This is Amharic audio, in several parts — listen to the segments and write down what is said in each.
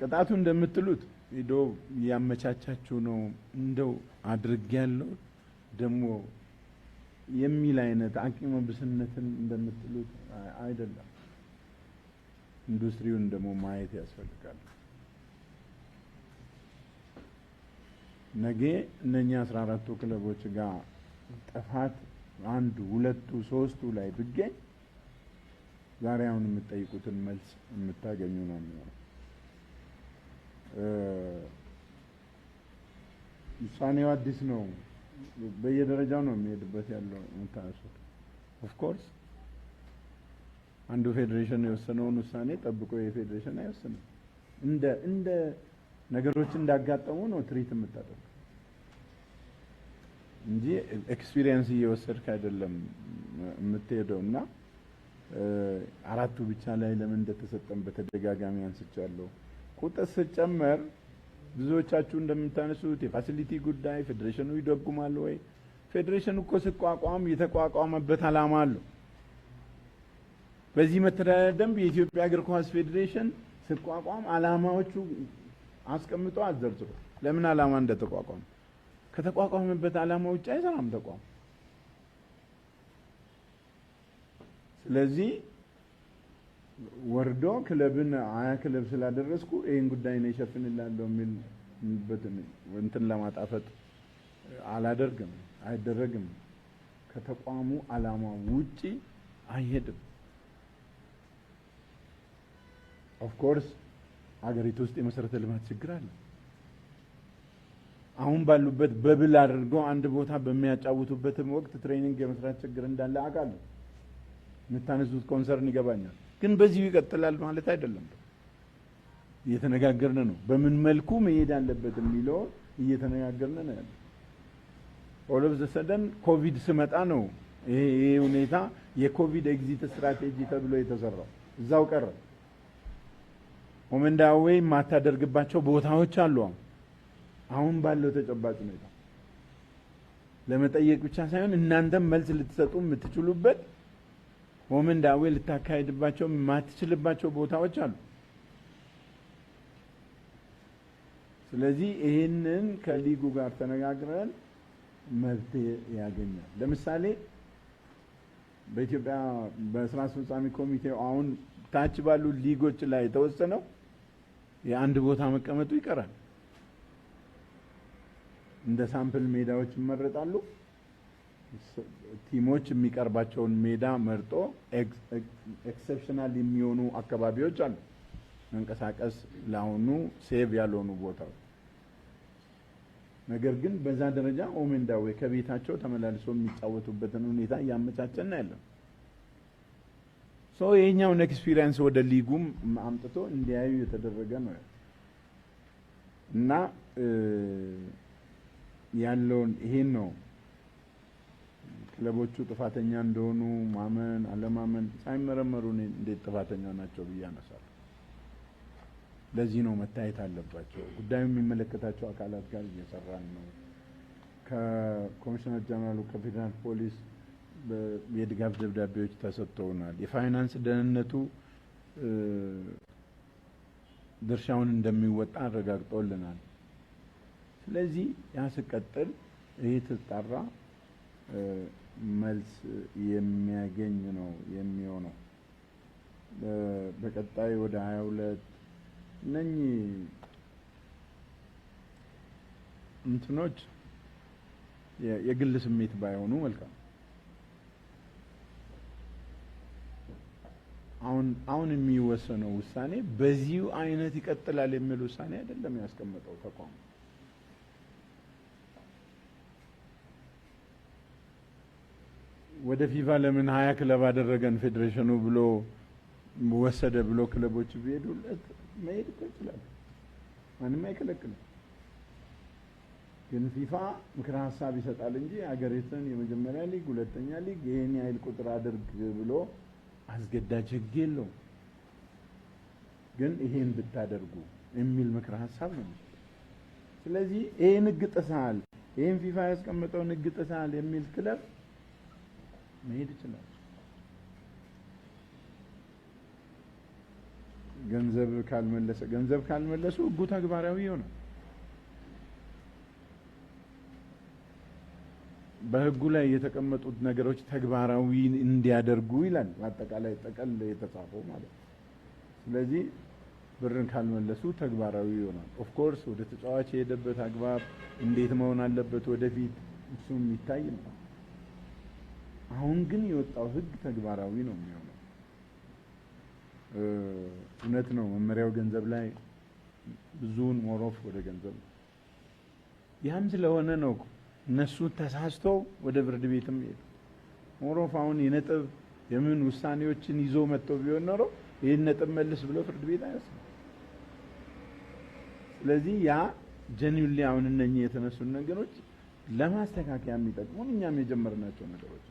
ቅጣቱ እንደምትሉት ሄዶ ያመቻቻችሁ ነው እንደው አድርግ ያለው ደግሞ የሚል አይነት አቂመ ብስነትን እንደምትሉት አይደለም። ኢንዱስትሪውን ደግሞ ማየት ያስፈልጋል። ነገ እነኛ አስራ አራቱ ክለቦች ጋር ጥፋት አንዱ፣ ሁለቱ፣ ሶስቱ ላይ ብገኝ ዛሬ አሁን የምትጠይቁትን መልስ የምታገኙ ነው የሚሆነው። ውሳኔው አዲስ ነው። በየደረጃው ነው የሚሄድበት ያለው የምታነሱት። ኦፍኮርስ አንዱ ፌዴሬሽን የወሰነውን ውሳኔ ጠብቆ የፌዴሬሽን አይወስንም። እንደ እንደ ነገሮች እንዳጋጠሙ ነው ትሪት የምታደርገው እንጂ ኤክስፒሪየንስ እየወሰድክ አይደለም የምትሄደው። እና አራቱ ብቻ ላይ ለምን እንደተሰጠም በተደጋጋሚ አንስቻለሁ። ቁጥር ስጨመር ብዙዎቻችሁ እንደምታነሱት የፋሲሊቲ ጉዳይ ፌዴሬሽኑ ይደጉማል ወይ? ፌዴሬሽኑ እኮ ሲቋቋም የተቋቋመበት ዓላማ አለው። በዚህ መተዳደሪያ ደንብ የኢትዮጵያ እግር ኳስ ፌዴሬሽን ሲቋቋም ዓላማዎቹ አስቀምጦ አዘርዝሮ ለምን ዓላማ እንደተቋቋመ ከተቋቋመበት ዓላማ ውጭ አይሰራም ተቋም። ስለዚህ ወርዶ ክለብን አያ ክለብ ስላደረስኩ ይህን ጉዳይ ነው ይሸፍንላለሁ የሚልበት እንትን ለማጣፈጥ አላደርግም፣ አይደረግም። ከተቋሙ አላማ ውጪ አይሄድም። ኦፍኮርስ አገሪቱ ውስጥ የመሰረተ ልማት ችግር አለ። አሁን ባሉበት በብል አድርገው አንድ ቦታ በሚያጫውቱበትም ወቅት ትሬኒንግ የመስራት ችግር እንዳለ አውቃለሁ። የምታነሱት ኮንሰርን ይገባኛል። ግን በዚሁ ይቀጥላል ማለት አይደለም። እየተነጋገርን ነው። በምን መልኩ መሄድ አለበት የሚለው እየተነጋገርን ነው ያለ ኦሎፍ ዘሰደን ኮቪድ ስመጣ ነው ይሄ ሁኔታ የኮቪድ ኤግዚት ስትራቴጂ ተብሎ የተሰራው እዛው ቀረ። ኦመንዳዌ የማታደርግባቸው ቦታዎች አሉ። አሁን ባለው ተጨባጭ ሁኔታ ለመጠየቅ ብቻ ሳይሆን እናንተም መልስ ልትሰጡ የምትችሉበት ወመን ዳዌ ልታካሄድባቸው የማትችልባቸው ቦታዎች አሉ። ስለዚህ ይህንን ከሊጉ ጋር ተነጋግረን መፍትሄ ያገኛል። ለምሳሌ በኢትዮጵያ በስራ አስፈጻሚ ኮሚቴው አሁን ታች ባሉ ሊጎች ላይ የተወሰነው የአንድ ቦታ መቀመጡ ይቀራል። እንደ ሳምፕል ሜዳዎች ይመረጣሉ። ቲሞች የሚቀርባቸውን ሜዳ መርጦ ኤክሰፕሽናል የሚሆኑ አካባቢዎች አሉ መንቀሳቀስ ለአሁኑ ሴቭ ያልሆኑ ቦታዎች። ነገር ግን በዛ ደረጃ ኦሜንዳዌ ከቤታቸው ተመላልሶ የሚጫወቱበትን ሁኔታ እያመቻቸን ያለን ሰው ይሄኛውን ኤክስፒሪየንስ ወደ ሊጉም አምጥቶ እንዲያዩ የተደረገ ነው እና ያለውን ይሄን ነው ክለቦቹ ጥፋተኛ እንደሆኑ ማመን አለማመን ሳይመረመሩ እንዴት ጥፋተኛ ናቸው ብዬ አነሳለሁ። ለዚህ ነው መታየት አለባቸው። ጉዳዩ የሚመለከታቸው አካላት ጋር እየሰራን ነው። ከኮሚሽነር ጀነራሉ ከፌዴራል ፖሊስ የድጋፍ ደብዳቤዎች ተሰጥተውናል። የፋይናንስ ደህንነቱ ድርሻውን እንደሚወጣ አረጋግጦልናል። ስለዚህ ያ ሲቀጥል ይህ መልስ የሚያገኝ ነው የሚሆነው። በቀጣይ ወደ ሀያ ሁለት እነኚህ እንትኖች የግል ስሜት ባይሆኑ መልካም። አሁን አሁን የሚወሰነው ውሳኔ በዚሁ አይነት ይቀጥላል የሚል ውሳኔ አይደለም ያስቀመጠው ተቋሙ። ወደ ፊፋ ለምን ሀያ ክለብ አደረገን ፌዴሬሽኑ ብሎ ወሰደ ብሎ ክለቦች ቢሄዱለት መሄድ እኮ ይችላል። ማንም አይከለክልም። ግን ፊፋ ምክረ ሀሳብ ይሰጣል እንጂ ሀገሪቱን የመጀመሪያ ሊግ፣ ሁለተኛ ሊግ ይህን ያህል ቁጥር አድርግ ብሎ አስገዳጅ ህግ የለውም። ግን ይሄን ብታደርጉ የሚል ምክረ ሀሳብ ነው። ስለዚህ ይህን ህግ ጥሰሃል፣ ይህን ፊፋ ያስቀምጠውን ህግ ጥሰሃል የሚል ክለብ መሄድ ይችላል። ገንዘብ ካልመለሰ ገንዘብ ካልመለሱ ህጉ ተግባራዊ ይሆናል። በህጉ ላይ የተቀመጡት ነገሮች ተግባራዊ እንዲያደርጉ ይላል። በአጠቃላይ ጠቀል የተጻፈው ማለት ስለዚህ ብርን ካልመለሱ ተግባራዊ ይሆናል። ኦፍኮርስ ወደ ተጫዋች የሄደበት አግባብ እንዴት መሆን አለበት ወደፊት እሱም ይታይ ነው። አሁን ግን የወጣው ህግ ተግባራዊ ነው የሚሆነው። እውነት ነው መመሪያው ገንዘብ ላይ ብዙውን ሞሮፍ ወደ ገንዘብ ያም ስለሆነ ነው እነሱ ተሳስተው ወደ ፍርድ ቤትም ይሄዱ። ሞሮፍ አሁን የነጥብ የምን ውሳኔዎችን ይዞ መጥተው ቢሆን ኖሮ ይህን ነጥብ መልስ ብሎ ፍርድ ቤት አይወስድም። ስለዚህ ያ ጀኒውሊ አሁን እነኚህ የተነሱን ነገሮች ለማስተካከያ የሚጠቅሙን እኛም የጀመርናቸው ነገሮች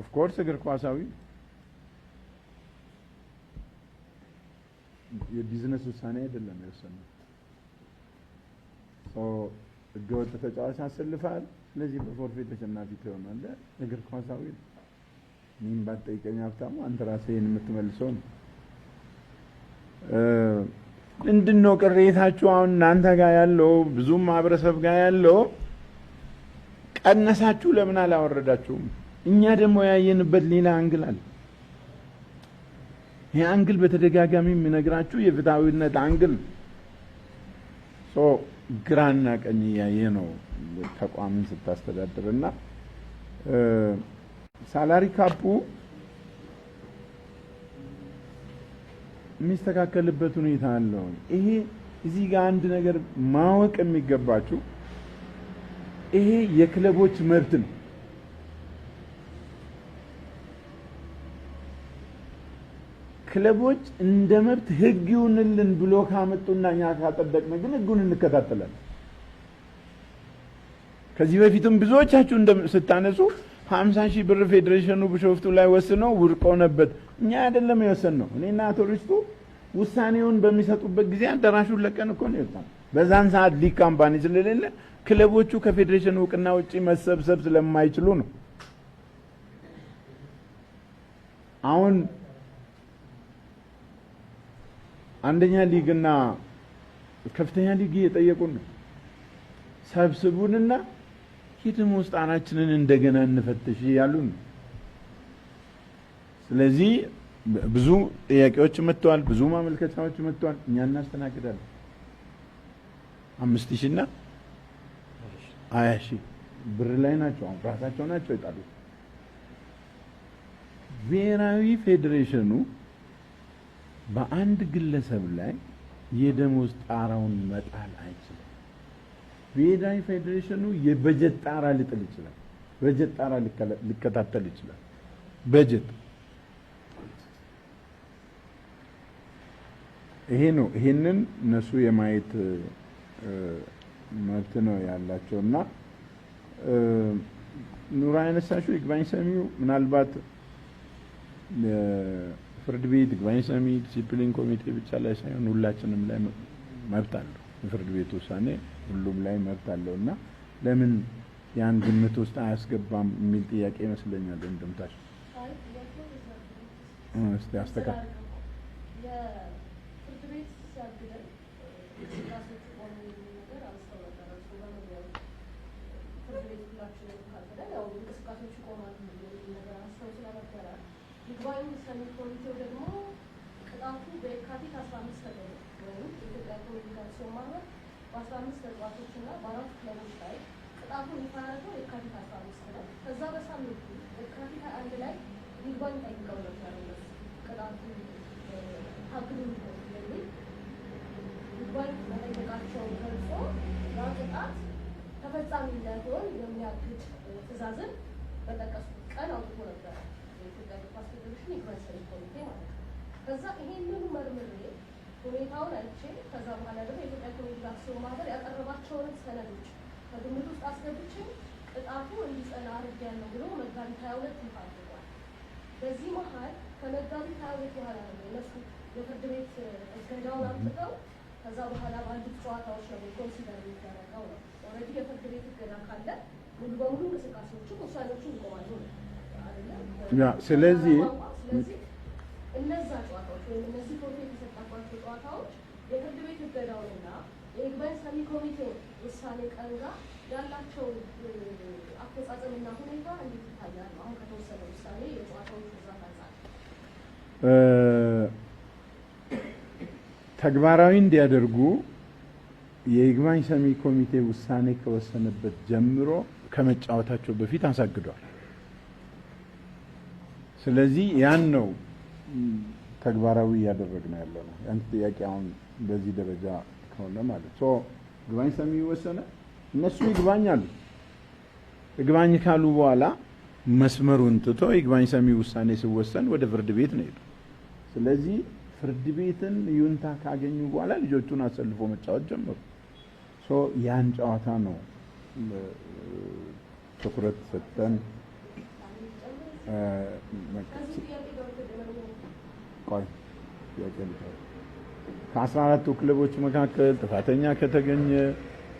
ኦፍኮርስ እግር ኳሳዊ የቢዝነስ ውሳኔ አይደለም የወሰነው። ህገወጥ ተጫዋች አሰልፋል። ስለዚህ በፎርፌ ተሸናፊ ትሆናለህ። እግር ኳሳዊ ነው። እኔም ባትጠይቀኝ ሀብታሙ አንተ ራስህ የምትመልሰው ነው። ምንድን ነው ቅሬታችሁ? አሁን እናንተ ጋር ያለው ብዙም ማህበረሰብ ጋር ያለው ቀነሳችሁ ለምን አላወረዳችሁም? እኛ ደግሞ ያየንበት ሌላ አንግል አለ። ይህ አንግል በተደጋጋሚ የሚነግራችሁ የፍትሐዊነት አንግል ግራና ቀኝ እያየ ነው ተቋምን ስታስተዳድር እና ሳላሪ ካፑ የሚስተካከልበት ሁኔታ አለው። ይሄ እዚህ ጋር አንድ ነገር ማወቅ የሚገባችሁ ይሄ የክለቦች መብት ነው። ክለቦች እንደ መብት ህግ ይሁንልን ብሎ ካመጡና እኛ ካጸደቅን ግን ህጉን እንከታተላለን። ከዚህ በፊትም ብዙዎቻችሁ ስታነሱ ሀምሳ ሺህ ብር ፌዴሬሽኑ ቢሾፍቱ ላይ ወስኖ ውድቅ ሆነበት። እኛ አይደለም የወሰን ነው። እኔና ቱሪስቱ ውሳኔውን በሚሰጡበት ጊዜ አዳራሹን ለቀን እኮ ነው የወጣ። በዛን ሰዓት ሊግ ካምፓኒ ስለሌለ ክለቦቹ ከፌዴሬሽን እውቅና ውጪ መሰብሰብ ስለማይችሉ ነው። አሁን አንደኛ ሊግና ከፍተኛ ሊግ እየጠየቁን ነው። ሰብስቡንና ሂድም ውስጥ አናችንን እንደገና እንፈትሽ ያሉን ነው። ስለዚህ ብዙ ጥያቄዎች መጥተዋል፣ ብዙ ማመልከቻዎች መጥተዋል። እኛ እናስተናግዳለን አምስት ሺህ እና ሀያ ሺህ ብር ላይ ናቸው። አሁን ራሳቸው ናቸው ይጣሉ። ብሔራዊ ፌዴሬሽኑ በአንድ ግለሰብ ላይ የደሞዝ ጣራውን መጣል አይችልም። ብሔራዊ ፌዴሬሽኑ የበጀት ጣራ ሊጥል ይችላል። በጀት ጣራ ሊከታተል ይችላል። በጀት ይሄ ነው። ይሄንን እነሱ የማየት መብት ነው ያላቸው እና ኑራ ያነሳችው ይግባኝ ሰሚው ምናልባት ፍርድ ቤት ይግባኝ ሰሚ ዲሲፕሊን ኮሚቴ ብቻ ላይ ሳይሆን ሁላችንም ላይ መብት አለው። የፍርድ ቤት ውሳኔ ሁሉም ላይ መብት አለው እና ለምን ያን ግምት ውስጥ አያስገባም የሚል ጥያቄ ይመስለኛል። እንደምታሽ እስቲ አስተካክል የማይሆን በአስራ አምስት ተጫዋቾች እና በአራት ክለቦች ላይ ቅጣቱን ይፋ ያደረገው የካቲት አስራ አምስት ነው። ከዛ በሳምንቱ የካቲት አንድ ላይ ጠይቀው ነበር እነሱ ታግዱ የሚል ገልጾ ያ ቅጣት ተፈጻሚ እንዳይሆን የሚያግድ ትዕዛዝን በጠቀሱት ቀን አውጥቶ ነበር የኢትዮጵያ እግር ኳስ ፌዴሬሽን ይግባኝ ሰሚ ኮሚቴ ማለት ነው። ከዛ ይሄንን መርምሬ ሁኔታውን አይቼ ከዛ በኋላ ደግሞ የኢትዮጵያ ኮሜዲ አክሲዮን ማህበር ያቀረባቸውንም ሰነዶች ከግምት ውስጥ አስገብቼ ቅጣቱ እንዲጸና አድርጌያለሁ ብሎ መጋቢት ሀያ ሁለት ይፋ አድርጓል። በዚህ መሀል ከመጋቢት ሀያ ሁለት በኋላ ነው እነሱ የፍርድ ቤት እገዳውን አምጥተው ከዛ በኋላ ባሉት ጨዋታዎች ነው ኮንሲደር የሚደረገው ነው። ኦልሬዲ የፍርድ ቤት እገዳ ካለ ሙሉ በሙሉ እንቅስቃሴዎችን ውሳኔዎችን ይቆማሉ ነው ስለዚህ እነዛ ጨዋታዎች ወይም እነዚህ ፕሮቴክት የሚደረጉ ጨዋታዎች የፍርድ ቤት እገዳውንና የይግባኝ ሰሚ ኮሚቴ ውሳኔ ቀን ጋር ያላቸው አፈጻጸምና ሁኔታ እንዴት ይታያል? አሁን ከተወሰነ ውሳኔ የጨዋታዎች ብዛት አንጻር ተግባራዊ እንዲያደርጉ የይግባኝ ሰሚ ኮሚቴ ውሳኔ ከወሰነበት ጀምሮ ከመጫወታቸው በፊት አሳግዷል። ስለዚህ ያን ነው ተግባራዊ ነው ያለ ነው። ያንተ ጥያቄ አሁን በዚህ ደረጃ ከሆነ ማለት ግባኝ ሰሚ ወሰነ። እነሱ ይግባኝ አሉ። ይግባኝ ካሉ በኋላ መስመሩን ትቶ ይግባኝ ሰሚ ውሳኔ ሲወሰን ወደ ፍርድ ቤት ነው ሄዱ። ስለዚህ ፍርድ ቤትን ይሁንታ ካገኙ በኋላ ልጆቹን አሰልፎ መጫወት ጀመሩ። ያን ጨዋታ ነው ትኩረት ሰጠን። ቆይ ከአስራ አራቱ ክለቦች መካከል ጥፋተኛ ከተገኘ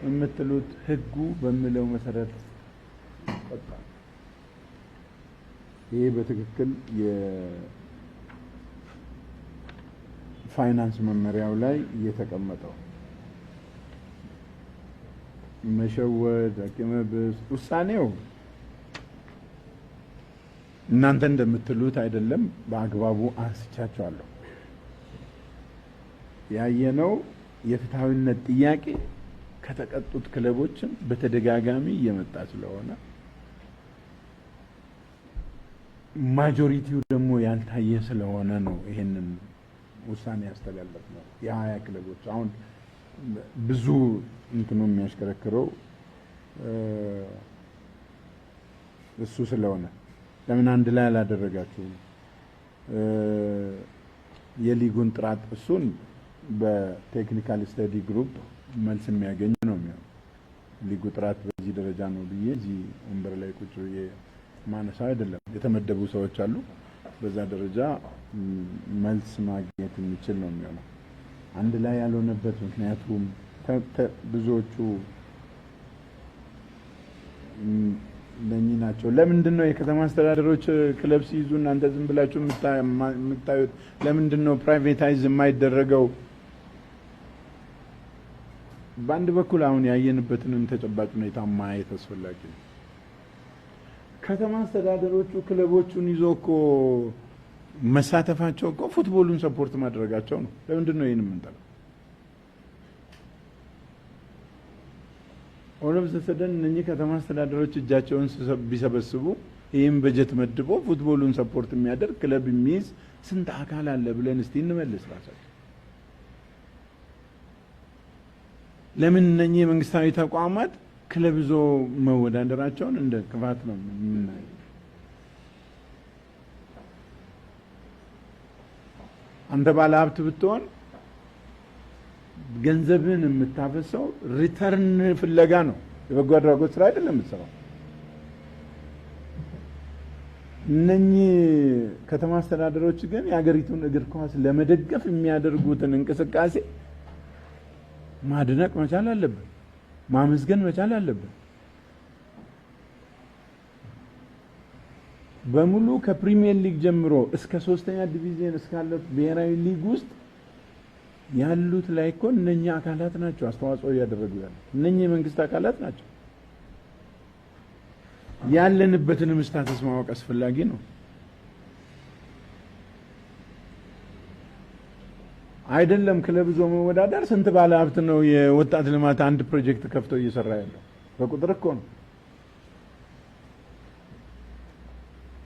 የምትሉት ህጉ በሚለው መሰረት በቃ ይህ በትክክል የፋይናንስ መመሪያው ላይ እየተቀመጠው መሸወድ አቂመብስ ውሳኔው እናንተ እንደምትሉት አይደለም። በአግባቡ አንስቻቸዋለሁ። ያየነው የፍትሐዊነት ጥያቄ ከተቀጡት ክለቦችም በተደጋጋሚ እየመጣ ስለሆነ ማጆሪቲው ደግሞ ያልታየ ስለሆነ ነው ይሄንን ውሳኔ ያስተላለፍ ነው። የሀያ ክለቦች አሁን ብዙ እንትኑ የሚያሽከረክረው እሱ ስለሆነ ለምን አንድ ላይ አላደረጋችሁም? የሊጉን ጥራት እሱን በቴክኒካል ስተዲ ግሩፕ መልስ የሚያገኝ ነው የሚሆነው። ሊጉ ጥራት በዚህ ደረጃ ነው ብዬ እዚህ ወንበር ላይ ቁጭ ብዬ ማነሳው አይደለም። የተመደቡ ሰዎች አሉ። በዛ ደረጃ መልስ ማግኘት የሚችል ነው የሚሆነው። አንድ ላይ ያልሆነበት ምክንያቱም ብዙዎቹ እነኚህ ናቸው። ለምንድን ነው የከተማ አስተዳደሮች ክለብ ሲይዙ እናንተ ዝም ብላችሁ የምታዩት? ለምንድን ነው ፕራይቬታይዝ የማይደረገው? በአንድ በኩል አሁን ያየንበትንም ተጨባጭ ሁኔታ ማየት አስፈላጊ ነው። ከተማ አስተዳደሮቹ ክለቦቹን ይዞ እኮ መሳተፋቸው እኮ ፉትቦሉን ሰፖርት ማድረጋቸው ነው። ለምንድን ነው ይህን የምንጠላው? ኦሎም ዘሰደን እነኚህ ከተማ አስተዳደሮች እጃቸውን ቢሰበስቡ ይህም በጀት መድቦ ፉትቦሉን ሰፖርት የሚያደርግ ክለብ የሚይዝ ስንት አካል አለ ብለን እስቲ እንመልስ ራሳቸው። ለምን እነኚህ የመንግስታዊ ተቋማት ክለብ ይዞ መወዳደራቸውን እንደ ክፋት ነው የምናየው? አንተ ባለ ሀብት ብትሆን ገንዘብን የምታፈሰው ሪተርን ፍለጋ ነው። የበጎ አድራጎት ስራ አይደለም የምትሰራው። እነኚህ ከተማ አስተዳደሮች ግን የሀገሪቱን እግር ኳስ ለመደገፍ የሚያደርጉትን እንቅስቃሴ ማድነቅ መቻል አለብን፣ ማመስገን መቻል አለብን። በሙሉ ከፕሪሚየር ሊግ ጀምሮ እስከ ሶስተኛ ዲቪዥን እስካለት ብሔራዊ ሊግ ውስጥ ያሉት ላይ እኮ እነኛ አካላት ናቸው አስተዋጽኦ እያደረጉ ያሉ እነኛ የመንግስት አካላት ናቸው። ያለንበትንም ስታተስ ማወቅ አስፈላጊ ነው። አይደለም ክለብ መወዳደር። ስንት ባለ ሀብት ነው የወጣት ልማት አንድ ፕሮጀክት ከፍቶ እየሰራ ያለው በቁጥር እኮ ነው።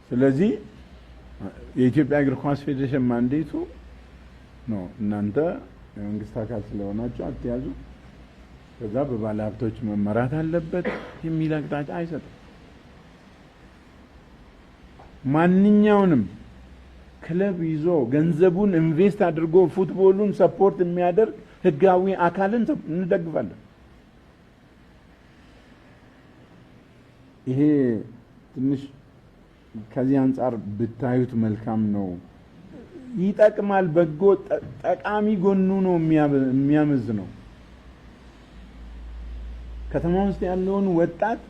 ስለዚህ የኢትዮጵያ እግር ኳስ ፌዴሬሽን ማንዴቱ ነው እናንተ የመንግስት አካል ስለሆናቸው አትያዙ፣ ከዛ በባለ ሀብቶች መመራት አለበት የሚል አቅጣጫ አይሰጥም። ማንኛውንም ክለብ ይዞ ገንዘቡን ኢንቨስት አድርጎ ፉትቦሉን ሰፖርት የሚያደርግ ህጋዊ አካልን እንደግፋለን። ይሄ ትንሽ ከዚህ አንጻር ብታዩት መልካም ነው። ይጠቅማል፣ በጎ ጠቃሚ ጎኑ ነው የሚያመዝ ነው። ከተማ ውስጥ ያለውን ወጣት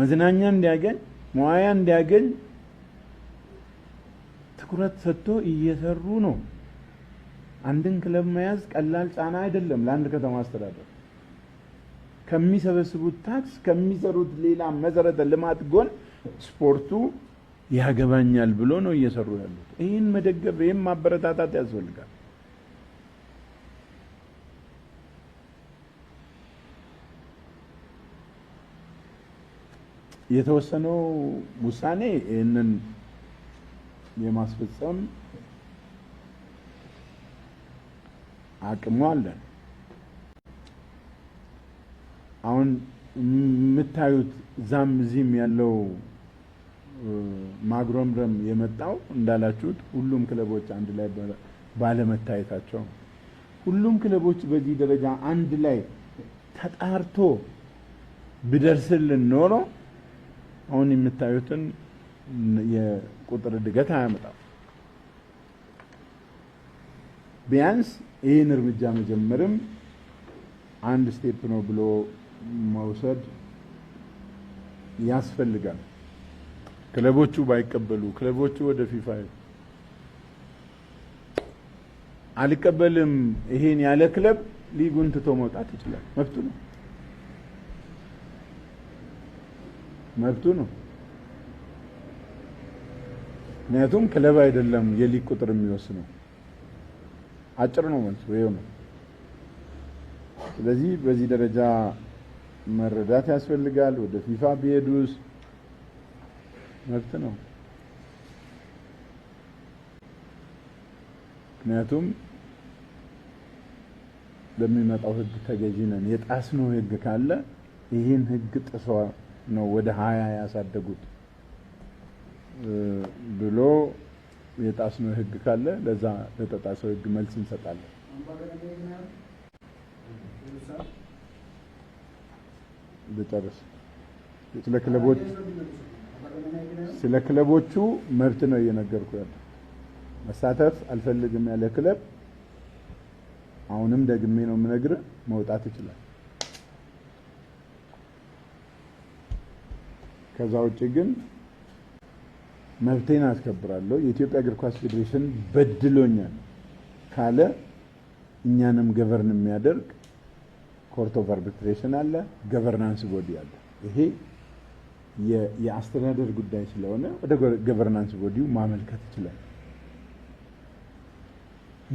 መዝናኛ እንዲያገኝ መዋያ እንዲያገኝ ትኩረት ሰጥቶ እየሰሩ ነው። አንድን ክለብ መያዝ ቀላል ጫና አይደለም ለአንድ ከተማ አስተዳደር። ከሚሰበስቡት ታክስ ከሚሰሩት ሌላ መሰረተ ልማት ጎን ስፖርቱ ያገባኛል ብሎ ነው እየሰሩ ያሉት። ይህን መደገፍ፣ ይህን ማበረታታት ያስፈልጋል። የተወሰነው ውሳኔ ይህንን የማስፈጸም አቅሙ አለን። አሁን የምታዩት ዛም እዚህም ያለው ማጉረምረም የመጣው እንዳላችሁት ሁሉም ክለቦች አንድ ላይ ባለመታየታቸው ነው። ሁሉም ክለቦች በዚህ ደረጃ አንድ ላይ ተጣርቶ ቢደርስልን ኖሮ አሁን የምታዩትን የቁጥር እድገት አያመጣም። ቢያንስ ይህን እርምጃ መጀመርም አንድ ስቴፕ ነው ብሎ መውሰድ ያስፈልጋል። ክለቦቹ ባይቀበሉ ክለቦቹ ወደ ፊፋ አልቀበልም ይሄን ያለ ክለብ ሊጉን ትቶ መውጣት ይችላል። መብቱ ነው፣ መብቱ ነው። ምክንያቱም ክለብ አይደለም የሊግ ቁጥር የሚወስነው። አጭር ነው መልሱ፣ ወይ ነው። ስለዚህ በዚህ ደረጃ መረዳት ያስፈልጋል። ወደ ፊፋ ቢሄዱስ መብት ነው። ምክንያቱም ለሚመጣው ህግ ተገዢ ነን። የጣስነው ህግ ካለ ይህን ህግ ጥሶ ነው ወደ ሀያ ያሳደጉት ብሎ የጣስነው ህግ ካለ ለዛ ለተጣሰው ህግ መልስ እንሰጣለን። ልጨርስ ስለ ክለቦች ስለ ክለቦቹ መብት ነው እየነገርኩ ያለ። መሳተፍ አልፈልግም ያለ ክለብ አሁንም ደግሜ ነው የምነግርህ መውጣት ይችላል። ከዛ ውጭ ግን መብቴን አስከብራለሁ የኢትዮጵያ እግር ኳስ ፌዴሬሽን በድሎኛል ካለ እኛንም ገቨርን የሚያደርግ ኮርት ኦፍ አርቢትሬሽን አለ፣ ገቨርናንስ ቦዲ አለ። ይሄ የአስተዳደር ጉዳይ ስለሆነ ወደ ገቨርናንስ ቦዲው ማመልከት ይችላል።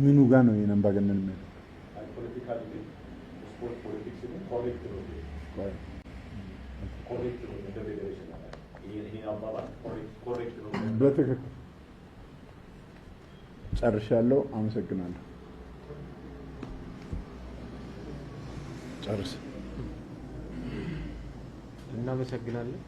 ምኑ ጋ ነው የአምባገነን በትክክል ጨርሻለሁ። አመሰግናለሁ። ጨርስ። እናመሰግናለን።